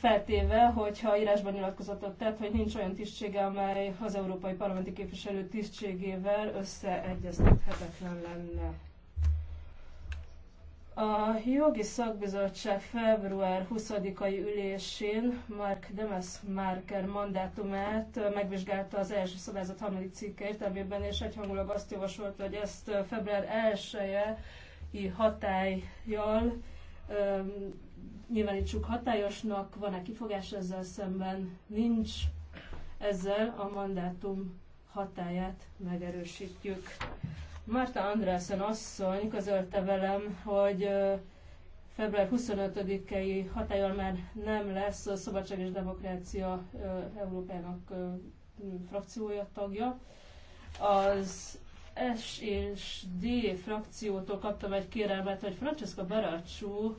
feltéve, hogyha írásban nyilatkozatot tett, hogy nincs olyan tisztsége, amely az európai parlamenti képviselő tisztségével összeegyeztethetetlen lenne. A jogi szakbizottság február 20-ai ülésén Mark Demes Marker mandátumát megvizsgálta az első szabályzat harmadik cikke értelmében, és egyhangulag azt javasolta, hogy ezt február 1-i hatályjal nyilvánítsuk hatályosnak, van-e kifogás ezzel szemben, nincs, ezzel a mandátum hatáját megerősítjük. Márta Andrásen asszony közölte velem, hogy február 25-i hatályon, már nem lesz a Szabadság és Demokrácia Európának frakciója tagja. Az s és D frakciótól kaptam egy kérelmet, hogy Francesca Baracciu